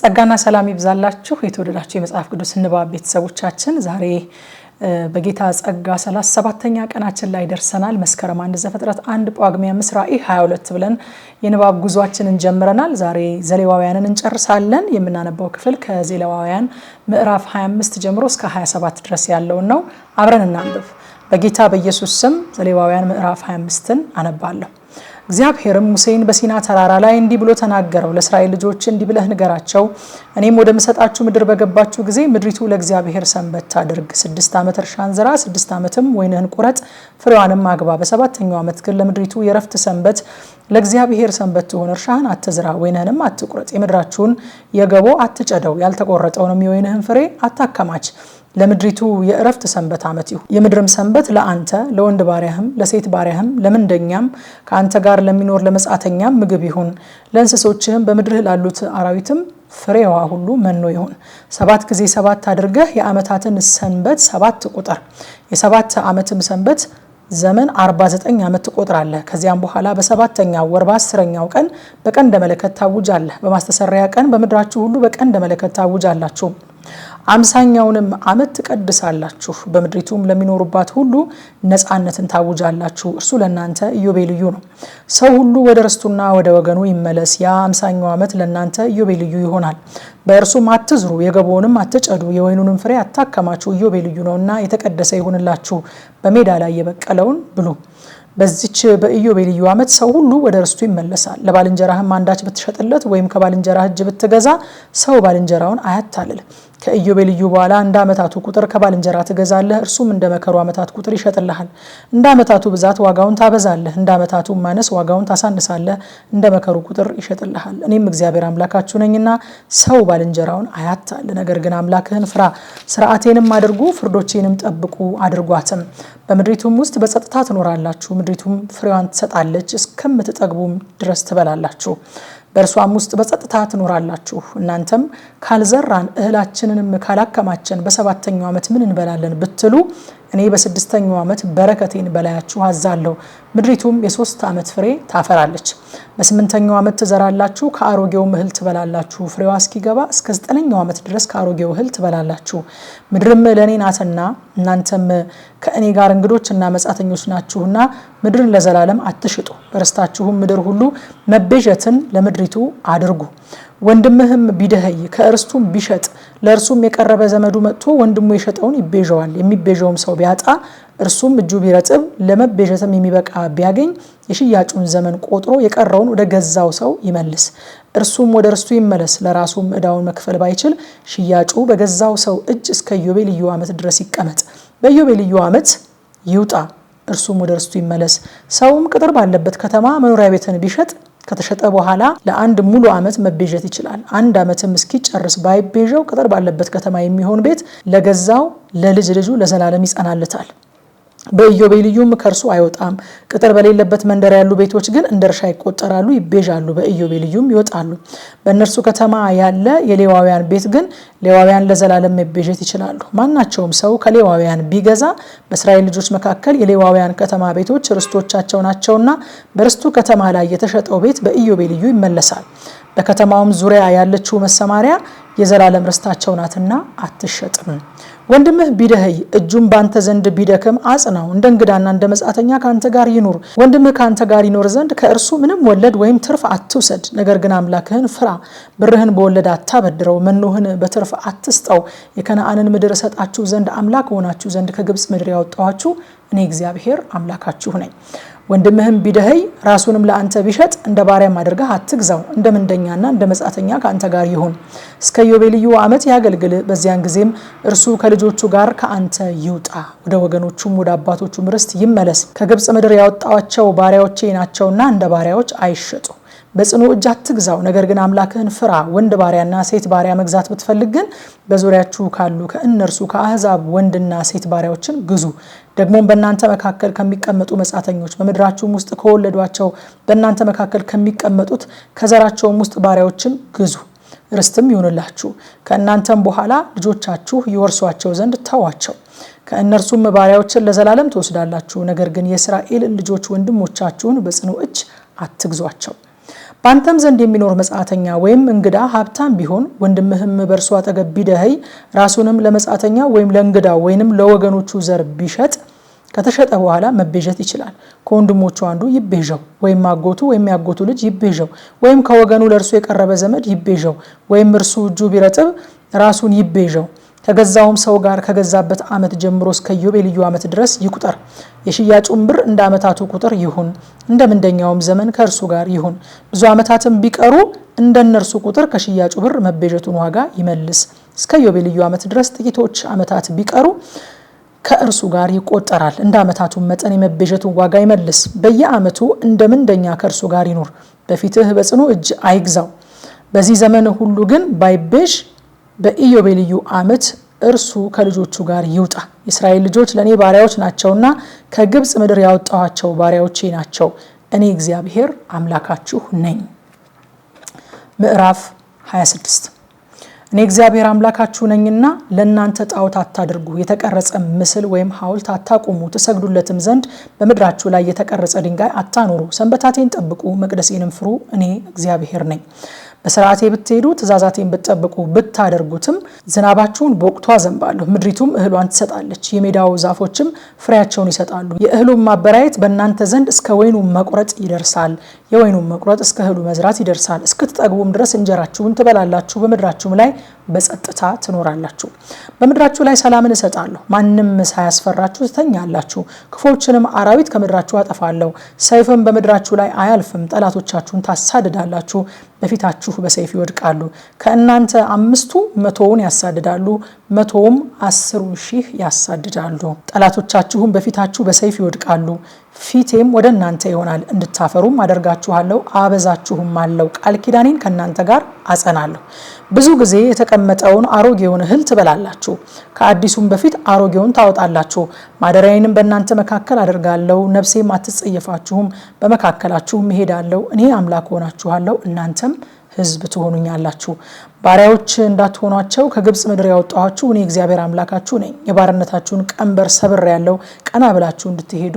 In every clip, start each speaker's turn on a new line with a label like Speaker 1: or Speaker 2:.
Speaker 1: ጸጋና ሰላም ይብዛላችሁ የተወደዳችሁ የመጽሐፍ ቅዱስ ንባብ ቤተሰቦቻችን፣ ዛሬ በጌታ ጸጋ 37ተኛ ቀናችን ላይ ደርሰናል። መስከረም አንድ ዘፍጥረት አንድ ጳጉሜ አምስት ራዕይ 22 ብለን የንባብ ጉዟችንን ጀምረናል። ዛሬ ዘሌዋውያንን እንጨርሳለን። የምናነባው ክፍል ከዘሌዋውያን ምዕራፍ 25 ጀምሮ እስከ 27 ድረስ ያለውን ነው። አብረን እናንብብ። በጌታ በኢየሱስ ስም ዘሌዋውያን ምዕራፍ 25ን አነባለሁ። እግዚአብሔርም ሙሴን በሲና ተራራ ላይ እንዲህ ብሎ ተናገረው። ለእስራኤል ልጆች እንዲህ ብለህ ንገራቸው፣ እኔም ወደ ምሰጣችሁ ምድር በገባችሁ ጊዜ ምድሪቱ ለእግዚአብሔር ሰንበት ታድርግ። ስድስት ዓመት እርሻን ዝራ፣ ስድስት ዓመትም ወይንህን ቁረጥ፣ ፍሬዋንም አግባ። በሰባተኛው ዓመት ግን ለምድሪቱ የረፍት ሰንበት ለእግዚአብሔር ሰንበት ትሆን። እርሻህን አትዝራ፣ ወይንህንም አትቁረጥ። የምድራችሁን የገቦ አትጨደው፣ ያልተቆረጠውንም የወይንህን ፍሬ አታከማች። ለምድሪቱ የእረፍት ሰንበት ዓመት ይሁን። የምድርም ሰንበት ለአንተ ለወንድ ባሪያህም ለሴት ባሪያህም ለምንደኛም ከአንተ ጋር ለሚኖር ለመጻተኛም ምግብ ይሁን። ለእንስሶችህም በምድርህ ላሉት አራዊትም ፍሬዋ ሁሉ መኖ ይሁን። ሰባት ጊዜ ሰባት አድርገህ የዓመታትን ሰንበት ሰባት ቁጥር። የሰባት ዓመትም ሰንበት ዘመን 49 ዓመት ትቆጥራለህ። ከዚያም በኋላ በሰባተኛው ወር በአስረኛው ቀን በቀንደ መለከት ታውጃለህ። በማስተሰሪያ ቀን በምድራችሁ ሁሉ በቀንደ መለከት ታውጃላችሁ። አምሳኛውንም ዓመት ትቀድሳላችሁ፣ በምድሪቱም ለሚኖሩባት ሁሉ ነፃነትን ታውጃላችሁ። እርሱ ለእናንተ ኢዮቤልዩ ነው። ሰው ሁሉ ወደ ርስቱና ወደ ወገኑ ይመለስ። ያ አምሳኛው ዓመት ለእናንተ ኢዮቤልዩ ይሆናል። በእርሱም አትዝሩ፣ የገቦውንም አትጨዱ፣ የወይኑንም ፍሬ አታከማችሁ፣ ኢዮቤልዩ ነውና የተቀደሰ ይሆንላችሁ በሜዳ ላይ የበቀለውን ብሉ። በዚች በኢዮቤልዩ ዓመት ሰው ሁሉ ወደ ርስቱ ይመለሳል። ለባልንጀራህም አንዳች ብትሸጥለት ወይም ከባልንጀራህ እጅ ብትገዛ ሰው ባልንጀራውን አያታልል። ከኢዮቤልዩ በኋላ እንደ ዓመታቱ ቁጥር ከባልንጀራ ትገዛለህ፣ እርሱም እንደ መከሩ ዓመታት ቁጥር ይሸጥልሃል። እንደ ዓመታቱ ብዛት ዋጋውን ታበዛለህ፣ እንደ ዓመታቱ ማነስ ዋጋውን ታሳንሳለህ፣ እንደ መከሩ ቁጥር ይሸጥልሃል። እኔም እግዚአብሔር አምላካችሁ ነኝና ሰው ባልንጀራውን አያታል። ነገር ግን አምላክህን ፍራ፣ ስርዓቴንም አድርጉ፣ ፍርዶቼንም ጠብቁ አድርጓትም። በምድሪቱም ውስጥ በጸጥታ ትኖራላችሁ። ምድሪቱም ፍሬዋን ትሰጣለች፣ እስከምትጠግቡም ድረስ ትበላላችሁ። በእርሷም ውስጥ በጸጥታ ትኖራላችሁ። እናንተም ካልዘራን እህላችንንም ካላከማችን በሰባተኛው ዓመት ምን እንበላለን ብትሉ እኔ በስድስተኛው ዓመት በረከቴን በላያችሁ አዛለሁ፣ ምድሪቱም የሶስት ዓመት ፍሬ ታፈራለች። በስምንተኛው ዓመት ትዘራላችሁ፣ ከአሮጌው እህል ትበላላችሁ፣ ፍሬዋ እስኪገባ እስከ ዘጠነኛው ዓመት ድረስ ከአሮጌው እህል ትበላላችሁ። ምድርም ለእኔ ናትና እናንተም ከእኔ ጋር እና መጻተኞች ናችሁና ምድርን ለዘላለም አትሽጡ። በርስታችሁም ምድር ሁሉ መቤዠትን ለምድሪቱ አድርጉ። ወንድምህም ቢደኸይ ከእርስቱም ቢሸጥ ለእርሱም የቀረበ ዘመዱ መጥቶ ወንድሙ የሸጠውን ይቤዣዋል የሚቤዠውም ሰው ቢያጣ እርሱም እጁ ቢረጥብ ለመቤዠትም የሚበቃ ቢያገኝ የሽያጩን ዘመን ቆጥሮ የቀረውን ወደ ገዛው ሰው ይመልስ። እርሱም ወደ እርስቱ ይመለስ። ለራሱም እዳውን መክፈል ባይችል ሽያጩ በገዛው ሰው እጅ እስከ ኢዮቤልዩ ዓመት ድረስ ይቀመጥ። በኢዮቤልዩ ዓመት ይውጣ፣ እርሱም ወደ እርስቱ ይመለስ። ሰውም ቅጥር ባለበት ከተማ መኖሪያ ቤትን ቢሸጥ ከተሸጠ በኋላ ለአንድ ሙሉ ዓመት መቤዠት ይችላል። አንድ ዓመትም እስኪጨርስ ባይቤዠው ቅጥር ባለበት ከተማ የሚሆን ቤት ለገዛው ለልጅ ልጁ ለዘላለም ይጸናልታል። በኢዮቤ ልዩም ከእርሱ አይወጣም። ቅጥር በሌለበት መንደር ያሉ ቤቶች ግን እንደ እርሻ ይቆጠራሉ፣ ይቤዣሉ፣ በኢዮቤ ልዩም ይወጣሉ። በእነርሱ ከተማ ያለ የሌዋውያን ቤት ግን ሌዋውያን ለዘላለም መቤዠት ይችላሉ። ማናቸውም ሰው ከሌዋውያን ቢገዛ በእስራኤል ልጆች መካከል የሌዋውያን ከተማ ቤቶች ርስቶቻቸው ናቸውና በርስቱ ከተማ ላይ የተሸጠው ቤት በኢዮቤ ልዩ ይመለሳል። በከተማውም ዙሪያ ያለችው መሰማሪያ የዘላለም ርስታቸው ናትና አትሸጥም። ወንድምህ ቢደኸይ እጁም ባንተ ዘንድ ቢደክም አጽናው፣ እንደ እንግዳና እንደ መጻተኛ ከአንተ ጋር ይኑር። ወንድምህ ከአንተ ጋር ይኖር ዘንድ ከእርሱ ምንም ወለድ ወይም ትርፍ አትውሰድ፣ ነገር ግን አምላክህን ፍራ። ብርህን በወለድ አታበድረው፣ መኖህን በትርፍ አትስጠው። የከነአንን ምድር እሰጣችሁ ዘንድ አምላክ ሆናችሁ ዘንድ ከግብፅ ምድር ያወጣኋችሁ እኔ እግዚአብሔር አምላካችሁ ነኝ። ወንድምህም ቢደኸይ ራሱንም ለአንተ ቢሸጥ እንደ ባሪያም አድርገህ አትግዛው። እንደ ምንደኛና እንደ መጻተኛ ከአንተ ጋር ይሁን፣ እስከ ኢዮቤልዩ ዓመት ያገልግል። በዚያን ጊዜም እርሱ ከልጆቹ ጋር ከአንተ ይውጣ፣ ወደ ወገኖቹም ወደ አባቶቹም ርስት ይመለስ። ከግብፅ ምድር ያወጣቸው ባሪያዎቼ ናቸውና እንደ ባሪያዎች አይሸጡ። በጽኑ እጅ አትግዛው፣ ነገር ግን አምላክህን ፍራ። ወንድ ባሪያና ሴት ባሪያ መግዛት ብትፈልግ ግን በዙሪያችሁ ካሉ ከእነርሱ ከአህዛብ ወንድና ሴት ባሪያዎችን ግዙ። ደግሞም በእናንተ መካከል ከሚቀመጡ መጻተኞች በምድራችሁም ውስጥ ከወለዷቸው በእናንተ መካከል ከሚቀመጡት ከዘራቸውም ውስጥ ባሪያዎችን ግዙ ርስትም ይሁንላችሁ። ከእናንተም በኋላ ልጆቻችሁ ይወርሷቸው ዘንድ ተዋቸው። ከእነርሱም ባሪያዎችን ለዘላለም ትወስዳላችሁ። ነገር ግን የእስራኤልን ልጆች ወንድሞቻችሁን በጽኑ እጅ አትግዟቸው። በአንተም ዘንድ የሚኖር መጻተኛ ወይም እንግዳ ሀብታም ቢሆን ወንድምህም በእርሱ አጠገብ ቢደኸይ ራሱንም ለመጻተኛ ወይም ለእንግዳ ወይንም ለወገኖቹ ዘር ቢሸጥ ከተሸጠ በኋላ መቤዠት ይችላል። ከወንድሞቹ አንዱ ይቤዠው፣ ወይም አጎቱ ወይም ያጎቱ ልጅ ይቤዠው፣ ወይም ከወገኑ ለእርሱ የቀረበ ዘመድ ይቤዠው፣ ወይም እርሱ እጁ ቢረጥብ ራሱን ይቤዠው። ከገዛውም ሰው ጋር ከገዛበት ዓመት ጀምሮ እስከ ኢዮቤልዩ ዓመት ድረስ ይቁጠር። የሽያጩም ብር እንደ ዓመታቱ ቁጥር ይሁን፣ እንደ ምንደኛውም ዘመን ከእርሱ ጋር ይሁን። ብዙ ዓመታትም ቢቀሩ እንደ እነርሱ ቁጥር ከሽያጩ ብር መቤዠቱን ዋጋ ይመልስ። እስከ ኢዮቤልዩ ዓመት ድረስ ጥቂቶች ዓመታት ቢቀሩ ከእርሱ ጋር ይቆጠራል። እንደ ዓመታቱ መጠን የመቤዠቱን ዋጋ ይመልስ። በየዓመቱ እንደ ምንደኛ ከእርሱ ጋር ይኑር። በፊትህ በጽኑ እጅ አይግዛው። በዚህ ዘመን ሁሉ ግን ባይቤዥ በኢዮቤልዩ ዓመት እርሱ ከልጆቹ ጋር ይውጣ። የእስራኤል ልጆች ለእኔ ባሪያዎች ናቸውና ከግብፅ ምድር ያወጣኋቸው ባሪያዎቼ ናቸው። እኔ እግዚአብሔር አምላካችሁ ነኝ። ምዕራፍ 26 እኔ እግዚአብሔር አምላካችሁ ነኝና ለእናንተ ጣዖት አታድርጉ፣ የተቀረጸ ምስል ወይም ሐውልት አታቁሙ፣ ትሰግዱለትም ዘንድ በምድራችሁ ላይ የተቀረጸ ድንጋይ አታኖሩ ሰንበታቴን ጠብቁ፣ መቅደሴንም ፍሩ። እኔ እግዚአብሔር ነኝ። በስርዓቴ ብትሄዱ ትእዛዛቴን ብትጠብቁ ብታደርጉትም ዝናባችሁን በወቅቱ አዘንባለሁ፣ ምድሪቱም እህሏን ትሰጣለች፣ የሜዳው ዛፎችም ፍሬያቸውን ይሰጣሉ። የእህሉ ማበራየት በእናንተ ዘንድ እስከ ወይኑ መቁረጥ ይደርሳል፣ የወይኑ መቁረጥ እስከ እህሉ መዝራት ይደርሳል። እስክትጠግቡም ድረስ እንጀራችሁን ትበላላችሁ፣ በምድራችሁም ላይ በጸጥታ ትኖራላችሁ። በምድራችሁ ላይ ሰላምን እሰጣለሁ፣ ማንም ሳያስፈራችሁ ትተኛላችሁ። ክፎችንም አራዊት ከምድራችሁ አጠፋለሁ፣ ሰይፍም በምድራችሁ ላይ አያልፍም። ጠላቶቻችሁን ታሳድዳላችሁ፣ በፊታችሁ በሰይፍ ይወድቃሉ። ከእናንተ አምስቱ መቶውን ያሳድዳሉ፣ መቶውም አስሩን ሺህ ያሳድዳሉ። ጠላቶቻችሁም በፊታችሁ በሰይፍ ይወድቃሉ። ፊቴም ወደ እናንተ ይሆናል፣ እንድታፈሩም አደርጋችኋለሁ፣ አበዛችሁም አለው። ቃል ኪዳኔን ከእናንተ ጋር አጸናለሁ። ብዙ ጊዜ የተቀመጠውን አሮጌውን እህል ትበላላችሁ፣ ከአዲሱም በፊት አሮጌውን ታወጣላችሁ። ማደሪያዬንም በእናንተ መካከል አደርጋለሁ፣ ነፍሴም አትጸየፋችሁም። በመካከላችሁም እሄዳለሁ፣ እኔ አምላክ ሆናችኋለሁ፣ እናንተም ህዝብ ትሆኑኛላችሁ። ባሪያዎች እንዳትሆኗቸው ከግብፅ ምድር ያወጣኋችሁ እኔ እግዚአብሔር አምላካችሁ ነኝ። የባርነታችሁን ቀንበር ሰብሬያለሁ፣ ቀና ብላችሁ እንድትሄዱ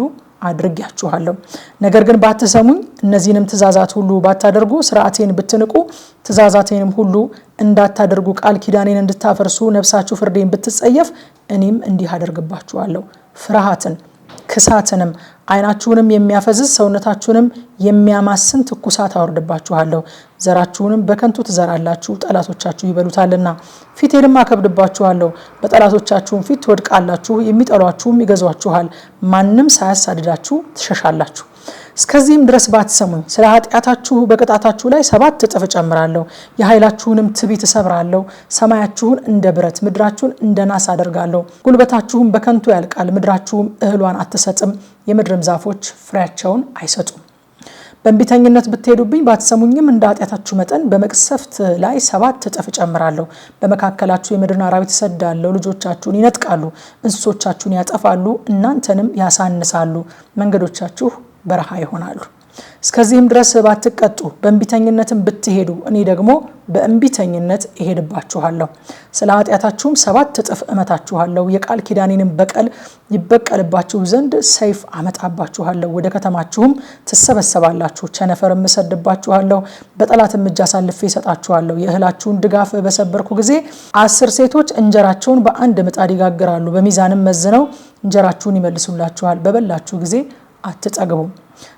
Speaker 1: አድርጊያችኋለሁ። ነገር ግን ባትሰሙኝ፣ እነዚህንም ትእዛዛት ሁሉ ባታደርጉ፣ ስርዓቴን ብትንቁ፣ ትእዛዛቴንም ሁሉ እንዳታደርጉ፣ ቃል ኪዳኔን እንድታፈርሱ፣ ነፍሳችሁ ፍርዴን ብትጸየፍ፣ እኔም እንዲህ አደርግባችኋለሁ ፍርሃትን ክሳትንም ዓይናችሁንም የሚያፈዝዝ ሰውነታችሁንም የሚያማስን ትኩሳት አወርድባችኋለሁ። ዘራችሁንም በከንቱ ትዘራላችሁ፣ ጠላቶቻችሁ ይበሉታልና። ፊቴንም አከብድባችኋለሁ፣ በጠላቶቻችሁም ፊት ትወድቃላችሁ፣ የሚጠሏችሁም ይገዟችኋል፣ ማንም ሳያሳድዳችሁ ትሸሻላችሁ። እስከዚህም ድረስ ባትሰሙኝ ስለ ኃጢአታችሁ በቅጣታችሁ ላይ ሰባት እጥፍ እጨምራለሁ፣ የኃይላችሁንም ትቢት እሰብራለሁ። ሰማያችሁን እንደ ብረት ምድራችሁን እንደ ናስ አደርጋለሁ። ጉልበታችሁም በከንቱ ያልቃል፣ ምድራችሁም እህሏን አትሰጥም፣ የምድርም ዛፎች ፍሬያቸውን አይሰጡም። በእንቢተኝነት ብትሄዱብኝ ባትሰሙኝም እንደ ኃጢአታችሁ መጠን በመቅሰፍት ላይ ሰባት እጥፍ እጨምራለሁ። በመካከላችሁ የምድርን አራዊት እሰዳለሁ። ልጆቻችሁን ይነጥቃሉ፣ እንስሶቻችሁን ያጠፋሉ፣ እናንተንም ያሳንሳሉ። መንገዶቻችሁ በረሃ ይሆናሉ። እስከዚህም ድረስ ባትቀጡ በእንቢተኝነትም ብትሄዱ እኔ ደግሞ በእንቢተኝነት እሄድባችኋለሁ፣ ስለ ኃጢአታችሁም ሰባት እጥፍ እመታችኋለሁ፣ የቃል ኪዳኔንም በቀል ይበቀልባችሁ ዘንድ ሰይፍ አመጣባችኋለሁ፣ ወደ ከተማችሁም ትሰበሰባላችሁ፣ ቸነፈርም እሰድባችኋለሁ፣ በጠላትም እጅ አሳልፌ እሰጣችኋለሁ። የእህላችሁን ድጋፍ በሰበርኩ ጊዜ አስር ሴቶች እንጀራቸውን በአንድ ምጣድ ይጋግራሉ፣ በሚዛንም መዝነው እንጀራችሁን ይመልሱላችኋል። በበላችሁ ጊዜ አትጠግቡም።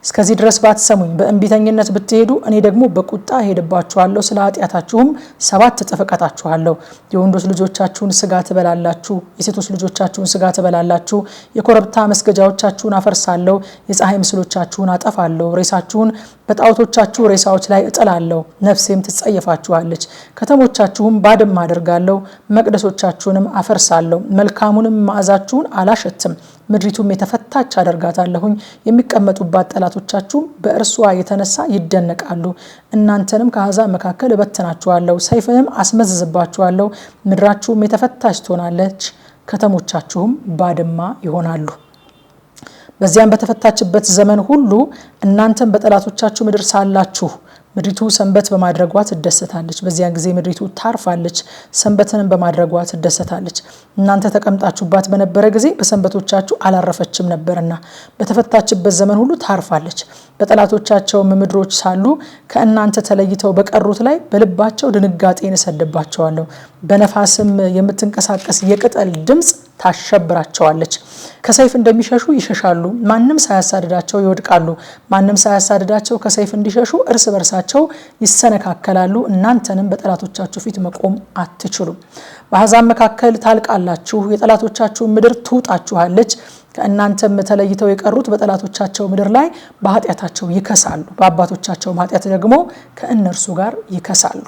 Speaker 1: እስከዚህ ድረስ ባትሰሙኝ በእንቢተኝነት ብትሄዱ እኔ ደግሞ በቁጣ ሄድባችኋለሁ፣ ስለ ኃጢአታችሁም ሰባት እጥፍ እቀጣችኋለሁ። የወንዶች ልጆቻችሁን ስጋ ትበላላችሁ፣ የሴቶች ልጆቻችሁን ስጋ ትበላላችሁ። የኮረብታ መስገጃዎቻችሁን አፈርሳለሁ፣ የፀሐይ ምስሎቻችሁን አጠፋለሁ። ሬሳችሁን በጣዖቶቻችሁ ሬሳዎች ላይ እጥላለሁ፣ ነፍሴም ትጸየፋችኋለች። ከተሞቻችሁም ባድም አደርጋለሁ፣ መቅደሶቻችሁንም አፈርሳለሁ። መልካሙንም መዓዛችሁን አላሸትም ምድሪቱም የተፈታች አደርጋታለሁኝ። የሚቀመጡባት ጠላቶቻችሁም በእርሷ የተነሳ ይደነቃሉ። እናንተንም ከአሕዛብ መካከል እበትናችኋለሁ፣ ሰይፍንም አስመዝዝባችኋለሁ። ምድራችሁም የተፈታች ትሆናለች፣ ከተሞቻችሁም ባድማ ይሆናሉ። በዚያም በተፈታችበት ዘመን ሁሉ እናንተም በጠላቶቻችሁ ምድር ሳላችሁ ምድሪቱ ሰንበት በማድረጓ ትደሰታለች። በዚያን ጊዜ ምድሪቱ ታርፋለች፣ ሰንበትንም በማድረጓ ትደሰታለች። እናንተ ተቀምጣችሁባት በነበረ ጊዜ በሰንበቶቻችሁ አላረፈችም ነበርና በተፈታችበት ዘመን ሁሉ ታርፋለች። በጠላቶቻቸውም ምድሮች ሳሉ ከእናንተ ተለይተው በቀሩት ላይ በልባቸው ድንጋጤን እሰድባቸዋለሁ። በነፋስም የምትንቀሳቀስ የቅጠል ድምፅ ታሸብራቸዋለች። ከሰይፍ እንደሚሸሹ ይሸሻሉ፣ ማንም ሳያሳድዳቸው ይወድቃሉ። ማንም ሳያሳድዳቸው ከሰይፍ እንዲሸሹ እርስ በርሳቸው ይሰነካከላሉ። እናንተንም በጠላቶቻችሁ ፊት መቆም አትችሉም። በአሕዛብ መካከል ታልቃላችሁ፣ የጠላቶቻችሁን ምድር ትውጣችኋለች። ከእናንተም ተለይተው የቀሩት በጠላቶቻቸው ምድር ላይ በኃጢአታቸው ይከሳሉ፣ በአባቶቻቸውም ኃጢአት ደግሞ ከእነርሱ ጋር ይከሳሉ።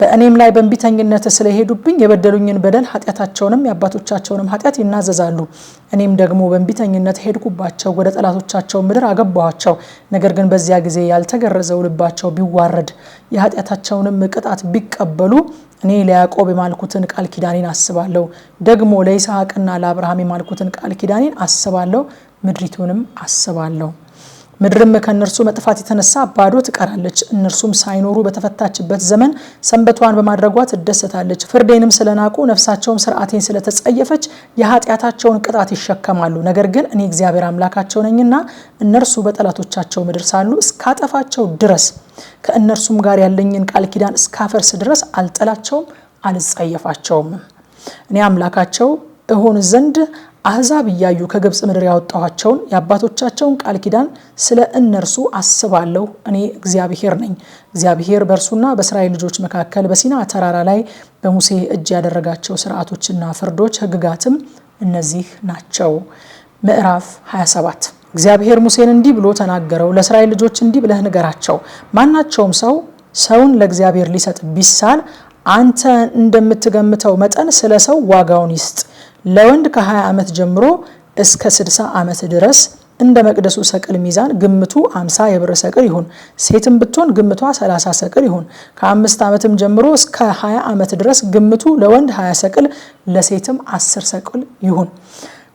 Speaker 1: በእኔም ላይ በእንቢተኝነት ስለሄዱብኝ የበደሉኝን በደል ኃጢአታቸውንም የአባቶቻቸውንም ኃጢአት ይናዘዛሉ። እኔም ደግሞ በእንቢተኝነት ሄድኩባቸው፣ ወደ ጠላቶቻቸው ምድር አገባኋቸው። ነገር ግን በዚያ ጊዜ ያልተገረዘው ልባቸው ቢዋረድ የኃጢአታቸውንም ቅጣት ቢቀበሉ እኔ ለያዕቆብ የማልኩትን ቃል ኪዳኔን አስባለሁ፣ ደግሞ ለይስሐቅና ለአብርሃም የማልኩትን ቃል ኪዳኔን አስባለሁ፣ ምድሪቱንም አስባለሁ። ምድርም ከእነርሱ መጥፋት የተነሳ ባዶ ትቀራለች። እነርሱም ሳይኖሩ በተፈታችበት ዘመን ሰንበቷን በማድረጓ ትደሰታለች። ፍርዴንም ስለናቁ ነፍሳቸውም ስርዓቴን ስለተጸየፈች የኃጢአታቸውን ቅጣት ይሸከማሉ። ነገር ግን እኔ እግዚአብሔር አምላካቸው ነኝና እነርሱ በጠላቶቻቸው ምድር ሳሉ እስካጠፋቸው ድረስ ከእነርሱም ጋር ያለኝን ቃል ኪዳን እስካፈርስ ድረስ አልጠላቸውም፣ አልጸየፋቸውም። እኔ አምላካቸው እሆን ዘንድ አሕዛብ እያዩ ከግብፅ ምድር ያወጣኋቸውን የአባቶቻቸውን ቃል ኪዳን ስለ እነርሱ አስባለሁ። እኔ እግዚአብሔር ነኝ። እግዚአብሔር በእርሱና በእስራኤል ልጆች መካከል በሲና ተራራ ላይ በሙሴ እጅ ያደረጋቸው ስርዓቶችና ፍርዶች ህግጋትም እነዚህ ናቸው። ምዕራፍ 27 እግዚአብሔር ሙሴን እንዲህ ብሎ ተናገረው። ለእስራኤል ልጆች እንዲህ ብለህ ንገራቸው፣ ማናቸውም ሰው ሰውን ለእግዚአብሔር ሊሰጥ ቢሳል አንተ እንደምትገምተው መጠን ስለ ሰው ዋጋውን ይስጥ። ለወንድ ከ20 ዓመት ጀምሮ እስከ 60 ዓመት ድረስ እንደ መቅደሱ ሰቅል ሚዛን ግምቱ 50 የብር ሰቅል ይሁን። ሴትም ብትሆን ግምቷ 30 ሰቅል ይሁን። ከአምስት ዓመትም ጀምሮ እስከ 20 ዓመት ድረስ ግምቱ ለወንድ 20 ሰቅል፣ ለሴትም 10 ሰቅል ይሁን።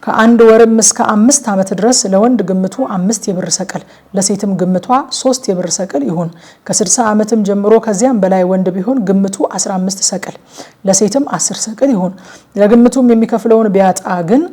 Speaker 1: ከአንድ ወርም እስከ አምስት ዓመት ድረስ ለወንድ ግምቱ አምስት የብር ሰቅል ለሴትም ግምቷ ሶስት የብር ሰቅል ይሁን። ከ60 ዓመትም ጀምሮ ከዚያም በላይ ወንድ ቢሆን ግምቱ 15 ሰቅል ለሴትም 10 ሰቅል ይሁን። ለግምቱም የሚከፍለውን ቢያጣ ግን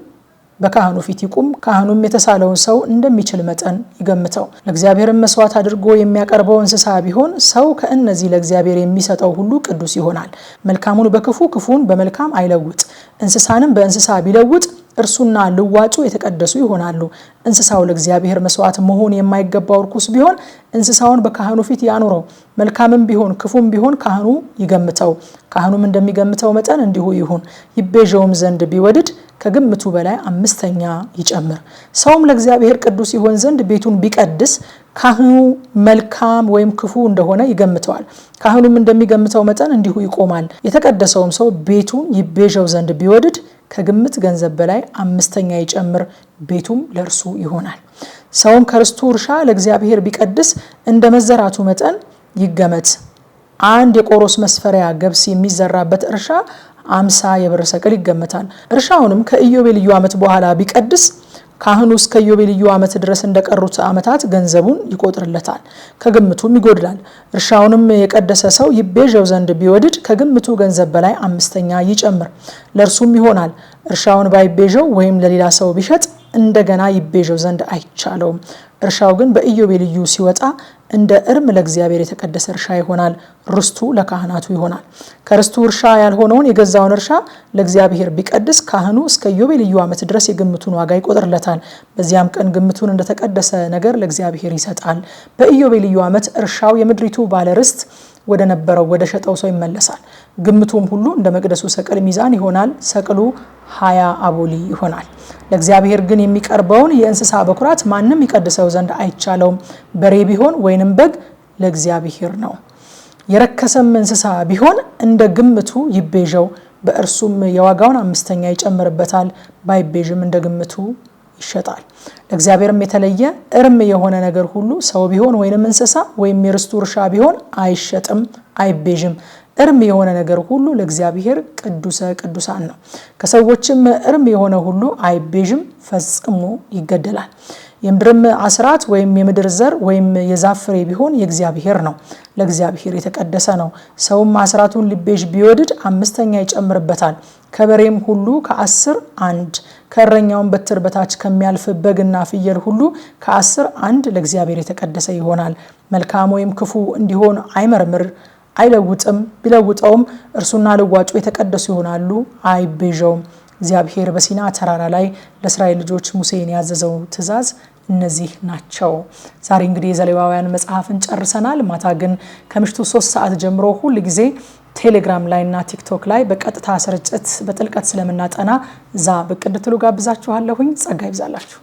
Speaker 1: በካህኑ ፊት ይቁም። ካህኑም የተሳለውን ሰው እንደሚችል መጠን ይገምተው። ለእግዚአብሔር መስዋዕት አድርጎ የሚያቀርበው እንስሳ ቢሆን ሰው ከእነዚህ ለእግዚአብሔር የሚሰጠው ሁሉ ቅዱስ ይሆናል። መልካሙን በክፉ ክፉን በመልካም አይለውጥ። እንስሳንም በእንስሳ ቢለውጥ እርሱና ልዋጩ የተቀደሱ ይሆናሉ። እንስሳው ለእግዚአብሔር መስዋዕት መሆን የማይገባው ርኩስ ቢሆን እንስሳውን በካህኑ ፊት ያኑረው። መልካምም ቢሆን ክፉም ቢሆን ካህኑ ይገምተው፣ ካህኑም እንደሚገምተው መጠን እንዲሁ ይሁን። ይቤዠውም ዘንድ ቢወድድ ከግምቱ በላይ አምስተኛ ይጨምር። ሰውም ለእግዚአብሔር ቅዱስ ይሆን ዘንድ ቤቱን ቢቀድስ ካህኑ መልካም ወይም ክፉ እንደሆነ ይገምተዋል። ካህኑም እንደሚገምተው መጠን እንዲሁ ይቆማል። የተቀደሰውም ሰው ቤቱን ይቤዠው ዘንድ ቢወድድ ከግምት ገንዘብ በላይ አምስተኛ ይጨምር፣ ቤቱም ለእርሱ ይሆናል። ሰውም ከርስቱ እርሻ ለእግዚአብሔር ቢቀድስ እንደ መዘራቱ መጠን ይገመት። አንድ የቆሮስ መስፈሪያ ገብስ የሚዘራበት እርሻ አምሳ የብር ሰቅል ይገመታል። እርሻውንም ከኢዮቤልዩ ዓመት በኋላ ቢቀድስ ካህኑ እስከ ኢዮቤልዩ ዓመት ድረስ እንደቀሩት ዓመታት ገንዘቡን ይቆጥርለታል፣ ከግምቱም ይጎድላል። እርሻውንም የቀደሰ ሰው ይቤዠው ዘንድ ቢወድድ ከግምቱ ገንዘብ በላይ አምስተኛ ይጨምር፣ ለእርሱም ይሆናል። እርሻውን ባይቤዠው ወይም ለሌላ ሰው ቢሸጥ እንደገና ይቤዠው ዘንድ አይቻለውም። እርሻው ግን በኢዮቤ ልዩ ሲወጣ እንደ እርም ለእግዚአብሔር የተቀደሰ እርሻ ይሆናል፣ ርስቱ ለካህናቱ ይሆናል። ከርስቱ እርሻ ያልሆነውን የገዛውን እርሻ ለእግዚአብሔር ቢቀድስ ካህኑ እስከ ኢዮቤ ልዩ ዓመት ድረስ የግምቱን ዋጋ ይቆጥርለታል። በዚያም ቀን ግምቱን እንደተቀደሰ ነገር ለእግዚአብሔር ይሰጣል። በኢዮቤ ልዩ ዓመት እርሻው የምድሪቱ ባለ ወደ ነበረው ወደ ሸጠው ሰው ይመለሳል። ግምቱም ሁሉ እንደ መቅደሱ ሰቅል ሚዛን ይሆናል። ሰቅሉ ሀያ አቦሊ ይሆናል። ለእግዚአብሔር ግን የሚቀርበውን የእንስሳ በኩራት ማንም ይቀድሰው ዘንድ አይቻለውም። በሬ ቢሆን ወይንም በግ ለእግዚአብሔር ነው። የረከሰም እንስሳ ቢሆን እንደ ግምቱ ይቤዠው፣ በእርሱም የዋጋውን አምስተኛ ይጨምርበታል። ባይቤዥም እንደ ግምቱ ይሸጣል። ለእግዚአብሔርም የተለየ እርም የሆነ ነገር ሁሉ ሰው ቢሆን ወይንም እንስሳ ወይም የርስቱ እርሻ ቢሆን አይሸጥም፣ አይቤዥም። እርም የሆነ ነገር ሁሉ ለእግዚአብሔር ቅዱሰ ቅዱሳን ነው። ከሰዎችም እርም የሆነ ሁሉ አይቤዥም፣ ፈጽሞ ይገደላል። የምድርም አስራት ወይም የምድር ዘር ወይም የዛፍ ፍሬ ቢሆን የእግዚአብሔር ነው፣ ለእግዚአብሔር የተቀደሰ ነው። ሰውም አስራቱን ሊቤዥ ቢወድድ አምስተኛ ይጨምርበታል። ከበሬም ሁሉ ከአስር አንድ ከእረኛውን በትር በታች ከሚያልፍ በግና ፍየል ሁሉ ከአስር አንድ ለእግዚአብሔር የተቀደሰ ይሆናል። መልካም ወይም ክፉ እንዲሆን አይመርምር አይለውጥም። ቢለውጠውም እርሱና ልዋጩ የተቀደሱ ይሆናሉ፣ አይቤዠውም። እግዚአብሔር በሲና ተራራ ላይ ለእስራኤል ልጆች ሙሴን ያዘዘው ትእዛዝ እነዚህ ናቸው። ዛሬ እንግዲህ የዘሌዋውያን መጽሐፍን ጨርሰናል። ማታ ግን ከምሽቱ ሶስት ሰዓት ጀምሮ ሁል ጊዜ ቴሌግራም ላይ እና ቲክቶክ ላይ በቀጥታ ስርጭት በጥልቀት ስለምናጠና እዛ ብቅ እንድትሉ ጋብዛችኋለሁኝ። ጸጋ ይብዛላችሁ።